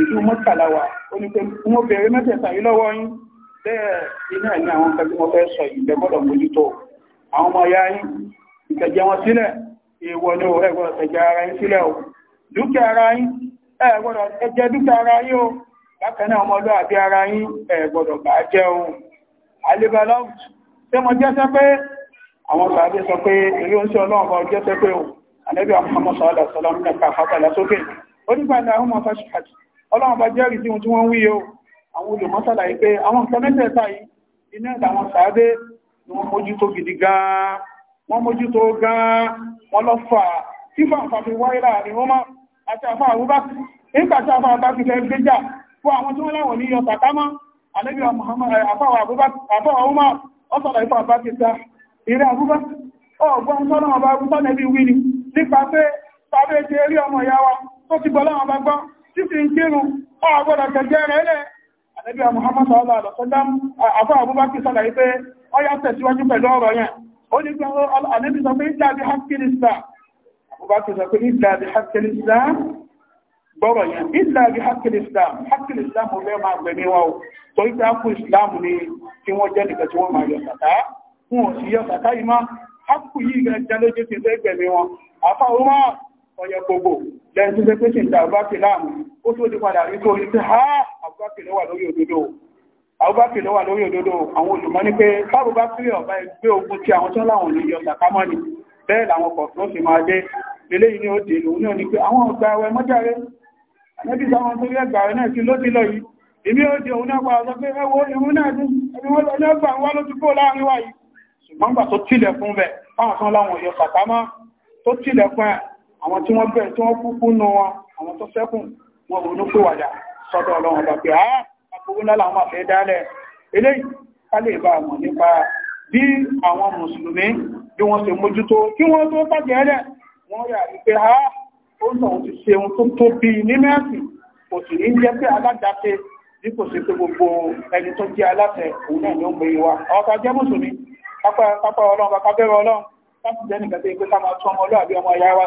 ìlú mọ́kàláwà ó ní pé mo bèèrè mẹ́tẹ̀ẹ̀ta yìí lọ́wọ́ yín bẹ́ẹ̀ iná ní àwọn nǹkan tí mo fẹ́ sọ yìí lẹ́gbọ́dọ̀ mójútó àwọn ọmọ ya yín ìtẹ̀jẹ̀ wọn sílẹ̀ èèwọ̀ ni ò ẹgbọ́dọ̀ tẹ̀jẹ̀ ara yín sílẹ̀ o dúkìá ara yín ẹgbọ́dọ̀ ẹjẹ́ dúkìá ara yín o bákan náà ọmọlúwàbí ara yín ẹgbọ́dọ̀ bá jẹ́ o alibalọ́t tí mo jẹ́sẹ́ pé àwọn sàábé sọ pé eré oúnjẹ ọlọ́run bá jẹ́sẹ́ pé o àlẹ́bí àwọn ọmọ sọ́ọ́dà sọ́lọ́mù nẹ́ka àpapàlà sókè ó nígbà ní àwọn ọmọ fásitì ọlọ́run bá jẹ́rìí sí ohun tí wọ́n wí o àwọn olùmọ́sàlà yìí àwọn nǹkan iná ẹ̀dà sàádé ni wọ́n mójútó gidi gan-an wọ́n mójútó gan-an wọ́n lọ fà tí fàǹfà fi wáyé láàrin wọ́n máa àti àfà àrúbá nígbà tí àfà àbá fi fẹ́ gbéjà fún àwọn tí wọ́n láwọn ní yọta kámọ́ alẹ́bí àfà àrúbá ọ̀sọ̀rọ̀ ìfà àbá ti ta ìrẹ́ àrúbá ọgbọ́n tọ́nà tàbí ti rí ọmọ ìyá wa tó ti gbọ́ bá gbọ́n títí ń kírun ọgbọ́dọ̀ kẹjẹ́ rẹ̀ lẹ́ àdẹ́bíà Muhammad sallallahu alaihi wasallam àfọ́ àbúbákí sọ́lá ipé ọyá tẹ̀síwájú pẹ̀lú ọ̀rọ̀ yẹn ó ní pé àdẹ́bí sọ pé ìdáàbí hakilislam àbúbákí sọ pé ìdáàbí hakilislam gbọ́rọ̀ yẹn ìdáàbí hakilislam hakilislam mo fẹ́ máa gbẹ̀mí wa o torí pé ápù islam ni kí wọ́n jẹ́ nìkan tí wọ́n máa yọ sàtá fún òsì yọ sàtá ọyẹ gbogbo lẹ́yìn tó fẹ́ pé sì ń ó tó di padà rí tó rí pé ha àbúbákì ló lórí òdodo àwọn olùmọ̀ ní pé fábùbákì ọ̀bá ẹgbẹ́ ogun tí àwọn tán láwọn olùyọ sàkámọ́ ó dè òun náà pa ọ̀sọ́ pé ẹwọ ìrún náà ní ẹbí lọ́gbà wá ló ti kó láàrin wáyìí ṣùgbọ́n gbà tó tilẹ̀ fún bẹ̀ fáwọn tán láwọn olùyọ sàkámọ́ tó tilẹ̀ fún ẹ̀ àwọn tí wọ́n bẹ̀rẹ̀ tí wọ́n kúkú nù wọn àwọn tó fẹ́kùn wọn ronú pé wàdà sọ́dọ̀ ọlọ́run bá pé á àkókò ńlá làwọn máa fẹ́ dálẹ̀ eléyìí ká lè bá mọ̀ nípa bí àwọn mùsùlùmí bí wọ́n ṣe mójútó kí wọ́n tó bàjẹ́ lẹ̀ wọ́n rí àrí pé á ó ń tọ̀hún ti ṣe ohun tó tóbi ní mẹ́sì kò sì ní jẹ́ pé alájáde bí kò sí pé gbogbo ẹni tó jẹ́ aláṣẹ òun náà ni ó ń gbé wa àwọn jẹ́ mùsùlùmí pápá ọlọ́run bá ọlọ́run láti jẹ́ nìkan tó yẹ pé ká máa tún ọmọ ọlọ́àbí ọmọ ayá wa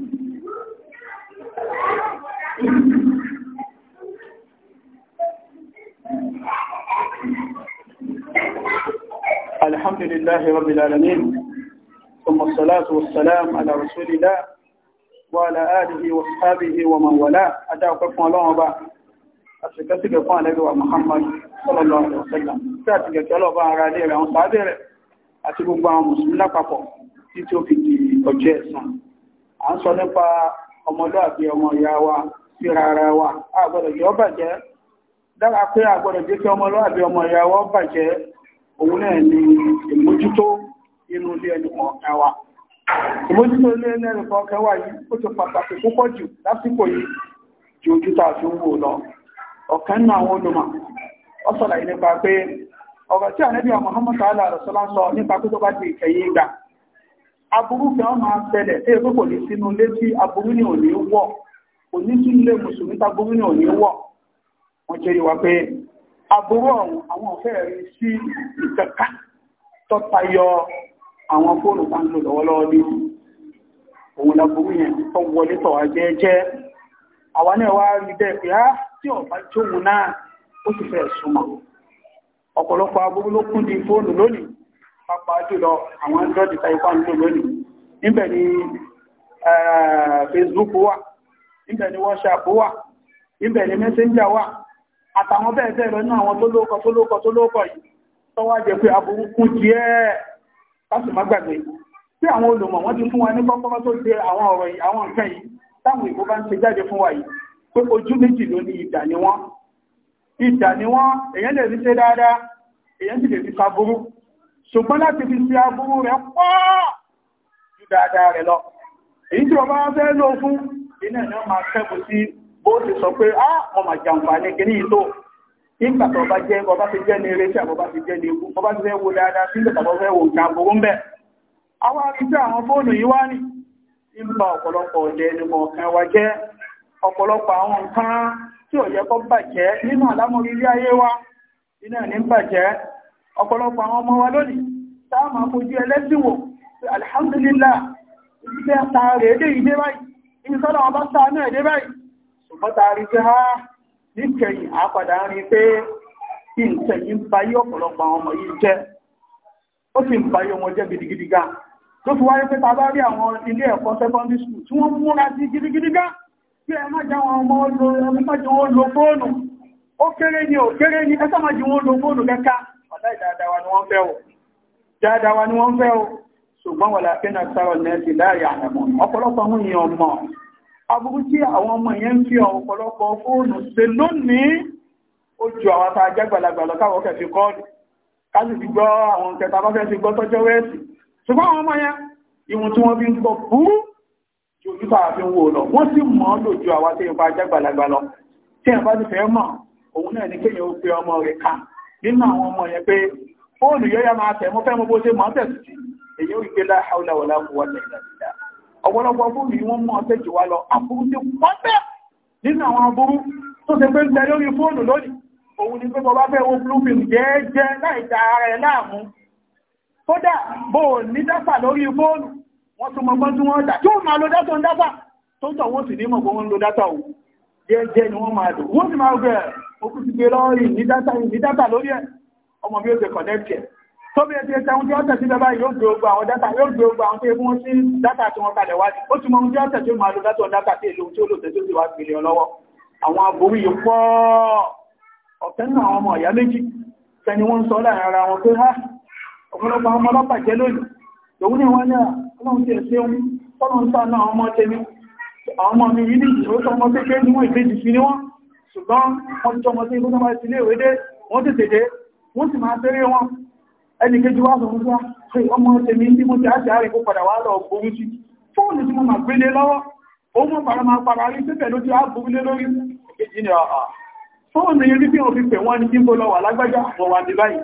الحمد لله رب العالمين ثم الصلاة والسلام على رسول الله وعلى آله وصحابه ومن والاه أدعوك فون الله وبا أشكتك فون لك محمد صلى الله عليه وسلم تاتك كالو با رالي رعون صادر أتبو با مسلم لقفو تيتو في أجيسا عن صنفا ọmọlúwàbí ọmọ ìyá wa síra ara wa àgbọ̀dọ̀ yọ bàjẹ́ dára pé àgbọ̀dọ̀ jẹ́ kí ọmọlúwàbí ọmọ ìyàwó òun náà ni ìmójútó inú ilé ẹni kọ̀ọ̀kan wa ìmójútó ilé ẹni kọ̀ọ̀kan wa yìí ó ti pàtàkì púpọ̀ jù lásìkò yìí ju ojú tá a fi ń wò lọ ọ̀kan nínú àwọn olùmọ̀ ọ sọ̀rọ̀ yìí nípa pé ọ̀rọ̀ tí ànẹ́bí ọmọ Muhammad sọ nípa pé tó bá di ìkẹyìn ìgbà aburú kan máa onítúlé mùsùlùmí ta gómìnà ò ní wọ̀ wọ́n jẹ́rìí wa pé aburú ọ̀hún àwọn ọ̀fẹ́ rí sí ìkẹ̀kà tó tayọ àwọn fóònù tá ń lò lọ́wọ́lọ́wọ́ ní òun laburú yẹn tó wọlé tọ̀ wá jẹ́ẹ́jẹ́ àwa náà wá rí bẹ́ẹ̀ pé á ah, tí ọ̀bá jóun náà ó sì fẹ́ súnmọ́ ọ̀pọ̀lọpọ̀ aburú ló kún di fóònù lónìí pápá jùlọ àwọn android ta ipá ń lò lónìí níbẹ̀ ni eh, Facebook wà ibẹ̀ ni WhatsApp wà ibẹ̀ ni messenger wà àtàwọn bẹ́ẹ̀ bẹ́ẹ̀ lọ àwọn tó lóókọ tó lóókọ tó lóókọ yìí tó wá pé aburú kún díẹ̀ láti má gbàgbé àwọn olùmọ̀ wọ́n ti fún wa ní kọ́kọ́rọ́ tó jẹ àwọn ọ̀rọ̀ àwọn nǹkan yìí táwọn ìbò bá ń ṣe jáde fún wa pé ojú méjì ló ní ìdà ni wọ́n iná náà máa kẹ́kù sí bó ti sọ pé á ah, wọn máa jàǹfààní kìíní ìtò nígbà tó bá jẹ́ bọ́ bá ti jẹ́ ní eré tí àbọ̀ bá ti jẹ́ ní ewu bọ́ bá ti fẹ́ wo dáadáa sí ìgbà tó fẹ́ wo nǹkan aburú ń bẹ̀. àwọn arígbé àwọn fóònù yìí ní nípa ọ̀pọ̀lọpọ̀ ọ̀dẹ ẹni mọ̀ọ̀kan jẹ́ ọ̀pọ̀lọpọ̀ àwọn nǹkan tí ibi sọ́dọ̀ wọn bá sáà náà dé báyìí ṣùgbọ́n ta rí pé ha níkẹyìn àpàdà ń rí pé kí nkẹyìn ń bayé ọ̀pọ̀lọpọ̀ àwọn ọmọ yìí jẹ́ ó sì ń bayé wọn jẹ́ gidigidi gan ló fi wáyé pé ta bá rí àwọn ilé ẹ̀kọ́ secondary school tí wọ́n múra sí gidigidi gan bí ẹ má já wọn ọmọ lo ẹmọ́jì wọn lo fóònù ó kéré ni ó kéré ni ẹ sáà má jí wọn lo fóònù kẹ́kà ọ̀dá ìdáadáa wa ni wọ́n fẹ́ o ṣùgbọ́n wọ́n láti náà sára lẹ́sì láàrin àmọ́ ọ̀pọ̀lọpọ̀ mú yìí ọmọ aburú tí àwọn ọmọ yẹn ń fi ọ̀pọ̀lọpọ̀ fóònù ṣe lónìí ó ju àwọn ta jágbàlagbà lọ káwọ́ kẹfì kọ́ọ̀lù káàsì ti gbọ́ àwọn kẹta bá fẹ́ ti gbọ́ tọ́jọ́ wẹ́ẹ̀sì ṣùgbọ́n àwọn ọmọ yẹn ìwọ̀n tí wọ́n fi ń gbọ́ burú ju ojú tàà fi ń wò lọ wọ́n sì mọ̀ ọ́ lò ju àwa tí ìpa jágbàlagbà lọ pe ọmọ rẹ̀ ká nínú àwọn ọmọ yẹn pé fóònù yóò yá máa tẹ̀ mọ́ fẹ́ mọ́ bó ṣe mọ́ tẹ̀sí èyí ò gbé láhàúlà wọlá kó wọlé ìlànà ọ̀pọ̀lọpọ̀ fóònù yìí wọ́n mọ́ ọ̀tẹ́ jù wá lọ aburú tí wọ́n bẹ̀ nínú àwọn aburú tó ṣe pé ń tẹ lórí fóònù lónìí òun ni pé bọba fẹ́ wo blueprint jẹ́ẹ́jẹ́ láì da ara ẹ̀ láàmú kódà bó ní dáfà lórí fóònù wọ́n tún mọ́gbọ́n tí wọ́n dà tí ó máa lo dátà ń dáfà tó tọ̀ wọ́n sì ní mọ̀ pé wọ́n lo dátà o jẹ́ẹ́jẹ́ ni wọ́n máa lò wọ́n sì máa gbẹ̀ òkú ti gbé lọ́rì ní dátà lórí ẹ̀ ọmọ bí ó ṣe connect tó bí ẹ̀tẹ́ ẹ̀tẹ́ oúnjẹ ọ̀tẹ̀ sí bẹ́bá yóò gbé ogun àwọn dátà yóò gbé ogun àwọn tó ebú wọn sí dátà tí wọ́n kalẹ̀ wájú ó ti mọ oúnjẹ ọ̀tẹ̀ tí ó máa lo dátà dátà tí èlò tí ó lò tẹ́ tó ti wá gbélé ọlọ́wọ́ àwọn aborí yìí pọ̀ ọ̀tẹ́ nínú àwọn ọmọ ìyá méjì tẹni wọ́n ń sọ láàrin ara wọn pé ha ọ̀pọ̀lọpọ̀ ọmọ ọlọ́pàá jẹ́ lónìí lòun ní wọ́n ah! náà ọlọ́run ti ẹ̀sẹ̀ ohun tọ́lọ́run sáà náà ọmọ tẹni àwọn ọmọ mi yìí ní ìṣòro ọmọ kékeré ní wọ́n ìbejì sí ní wọ́n ṣùgbọ́n wọ́n ti jọmọ sí ibùdó máa ti ilé ìwé dé wọ́n ti tètè ẹni kejì wá sọ̀rọ̀ sá pé ọmọ tèmi tí mo jáde àárẹ̀ kó padà wá lọ gbóhùn sí fóònù tí mo máa gbélé lọ́wọ́ ó mú para máa para rí pé pẹ̀lú tí a lé lórí kejì ni ọ̀hà fóònù yìí bí òfin pè wọ́n ní kí n bó lọ wà lágbájá àpọ̀ wà ní báyìí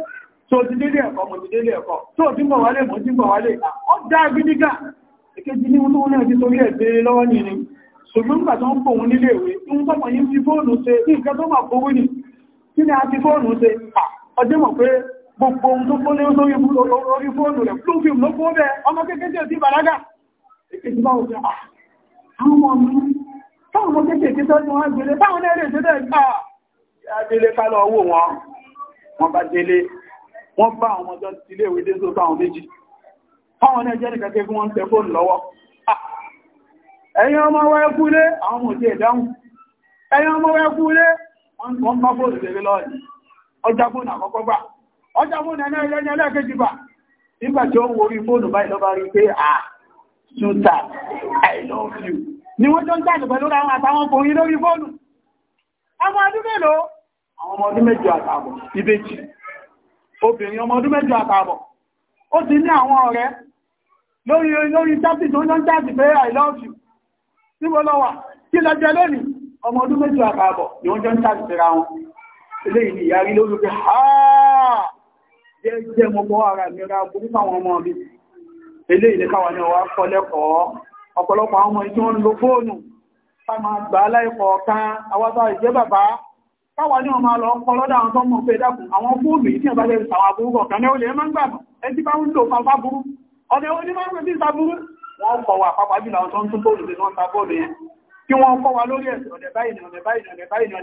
tó ti délé ẹ̀kọ́ mo ti délé ẹ̀kọ́ tó ti ń bọ̀ wálé mo ti ń bọ̀ wálé ni ṣùgbọ́n nígbà tó ń pò gbogbo ohun tó kó ní fóònù rẹ̀ flófíìmù ló kó bẹ́ ọmọ kékeré tí bàlágà ìkèjì bá wọ́n gbélé táwọn àwọn ọjọ́ tó táwọn lọ́wọ́ ẹ̀yin ọmọ wa ẹkú àwọn ọmọ òjì ẹ̀dáhùn ẹ̀yin ọmọ wa ẹkú wọ́n bá fóònù lọ́ọ̀dì ọjà fóònù àkọ́kọ́ gbà ọjà mú nẹ̀nà ẹlẹ́ni ẹlẹ́kejì bà nígbà ó ń worí fóònù báyìí lọ́ba rí pé à ṣúta i love you ni wọ́n tó ń tàbí pẹ̀lú àwọn àtàwọn ọkùnrin lórí fóònù ọmọ ọdún mélòó àwọn ọmọ ọdún mẹ́jọ àtààbọ̀ ìbejì obìnrin ọmọ ọdún mẹ́jọ àtààbọ̀ ó ti ní àwọn ọ̀rẹ́ lórí lórí tábì tó ń tàbí pé i love you tí mo lọ wà kí lọ jẹ lónìí ọmọ ọdún mẹ́jọ àtààbọ̀ ni wọ́n jọ ń tàbí pẹ̀lú àwọn eléyìí ni ìyá rí lórí pé háà jẹ́ mọ́ bọ́ ara mi ra burú fáwọn ọmọ mi ilé ilé káwà ní ọwá kọ́ lẹ́kọ̀ọ́ ọ̀pọ̀lọpọ̀ àwọn ọmọ tí wọ́n ń lo fóònù ká máa gbà láìkọ̀ kan awátá ìjẹ́ bàbá káwà ní ọmọ lọ kọ́ lọ́dọ̀ àwọn tó mọ̀ pé dákùn àwọn fóònù yìí tí ọba jẹ́ ìsàwọn aburú kọ̀ọ̀kan ní olè máa ń gbà ẹ ti bá ń lò fáfá burú ọdẹ ó ní máa ń pè bí ìsàbúrú wọ́n kọ̀ wà pápá jùlọ àwọn tó ń tún bóòlù sí wọ́n ta bóòlù yẹn kí wọ́n kọ́ wa lórí ẹ̀sìn ọ̀dẹ̀ báyìí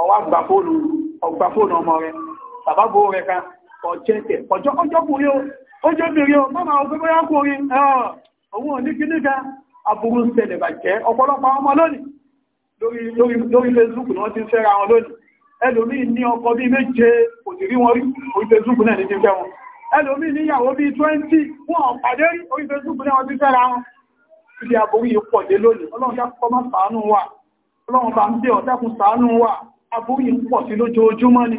ọ̀dẹ̀ fóònù ọmọ rẹ̀ sàbábò rẹ̀ kan ọjẹ́tẹ̀ ọjọ́kọjọ́kùnrin ó jẹ́bìnrin ó mọ́mà ọgbẹ́ bóyá kùnrin ọ̀hún òní kí níka aburú ṣẹlẹ̀ bàjẹ́ ọ̀pọ̀lọpọ̀ ọmọ lónìí lórí Facebook ni wọ́n ti ń fẹ́ra wọn lónìí ẹlòmíì ní ọkọ bí méje kò sì rí wọn rí orí Facebook náà ní ti fẹ́ wọn ẹlòmíì níyàwó bí 20 wọn ọ̀pàdé rí orí Facebook náà ti fẹ́ra wọn ibi aburú yìí pọ̀ dé lónìí ọlọ́run dákọ́ má ṣàánú wa ọlọ́run bá ń bẹ̀ ọ́ dákun ṣàánú wa aburú yìí pọ̀ sí lójoojúmọ́ ni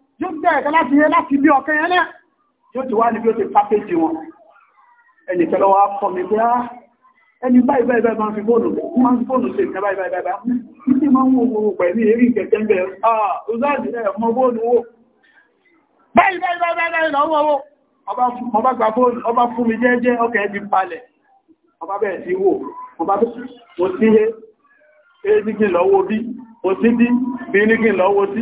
yóò gbẹ́ ẹ̀kẹ́ láti yẹ láti bí ọ̀kẹ́ yẹn náà yóò ti wá ní bí ó ti pápéjì wọn ẹni kẹlọ wá fọ́ mi pé á ah, ẹni báyìí báyìí báyìí máa fi fóònù máa fi fóònù ṣe ìkẹ́ báyìí báyìí báyìí títí máa ń wo gbogbo pẹ̀lú eré ìkẹ́kẹ́ ń bẹ̀ ah ọ̀záàdì ẹ̀ mọ fóònù wò báyìí báyìí báyìí báyìí lọ́wọ́ wò ọba gba fóònù ọba fún mi jẹ́jẹ́ ọkẹ́ ti palẹ̀ ọba bẹ̀rẹ̀ sí wò ọba tó mo sí he eré nígbìn lọ́wọ́ bí mo sí bí bí nígbìn lọ́wọ́ sí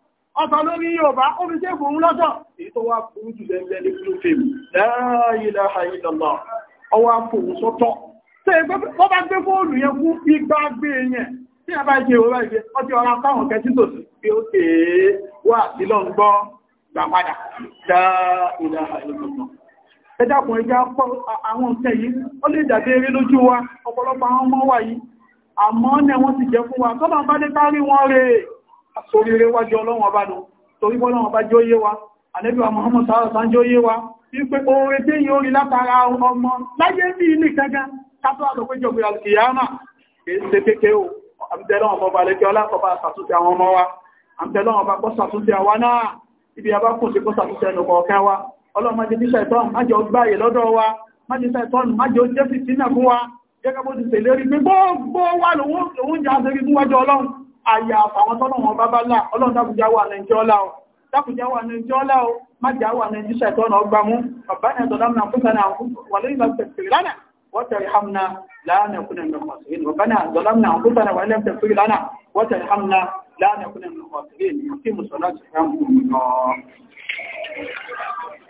ọ̀tọ̀ lórí Yorùbá ó fi tẹ́bù ń lọ́tọ̀ èyí tó wá fún jù lẹ́lẹ́ ní blue film láàáyílá àìlọ́lá ọwá fòun sọ́tọ̀ tẹ́ bọ́ bá gbé fóònù yẹn kú igbá gbé yẹn tí a bá jẹ òwúrọ̀ ìgbé ọjọ́ ọ̀rọ̀ táwọn kẹtí tòsí pé ó tèé wà sí lọ ń gbọ́ fún wa tọ́lọ̀ àsoríire wájú ọlọ́run ọba nù torí bọ́lọ́run ọba jẹ́ óyé wa àlẹ́bíwà Muhammad sáàrọ̀ sáà jẹ́ óyé wa wípé oore tí yíó rí látara ọmọ láyé bí ilé gangan kátó àlọ́pẹ́jọ pé alkiyama kìí ṣe kéèké o àbìtẹ́lọ́wọ̀n ọba alẹ́kẹ́ ọlákọ̀ọ́bá sàtúnṣe àwọn ọmọ wa àbìtẹ́lọ́wọ̀n ọba kọ́ sàtúnṣe àwa náà ibi àbá kò sí kó sàtúnṣe ẹnu kọ̀ọ̀kan wa ọlọ́run má jẹ́ ní ṣàìtọ́n má jẹ́ gbáyè lọ́dọ̀ wa má jẹ́ ṣàìtọ́n má jẹ́ jẹ́ sí sínà fún wa gẹ́gẹ́ bó ti ṣèlérí pé gbogbo wa lòun àyà àfàwọn tọ́nà wọn bá bá là ọlọ́run dákùjá wà ní ìjọ́ ọlá o dákùjá wà ní ìjọ́ ọlá o má jà wà ní ìjọ́ ìtọ́nà ọgbà mú bàbá ní ẹ̀tọ́ dámúnà fún sani àwọn wàlẹ́ ìgbà tẹ̀sírí lánàá wọ́n tẹ̀rí hamna láàrín ẹ̀kúnlẹ̀ mẹ́kọ̀ọ́sìrín bàbá